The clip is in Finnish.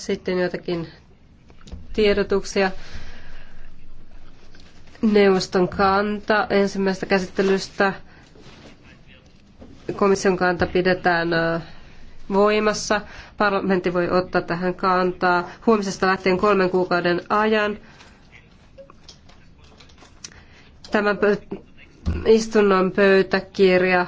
Sitten joitakin tiedotuksia. Neuvoston kanta ensimmäistä käsittelystä. Komission kanta pidetään voimassa. Parlamentti voi ottaa tähän kantaa huomisesta lähtien kolmen kuukauden ajan. Tämän istunnon pöytäkirja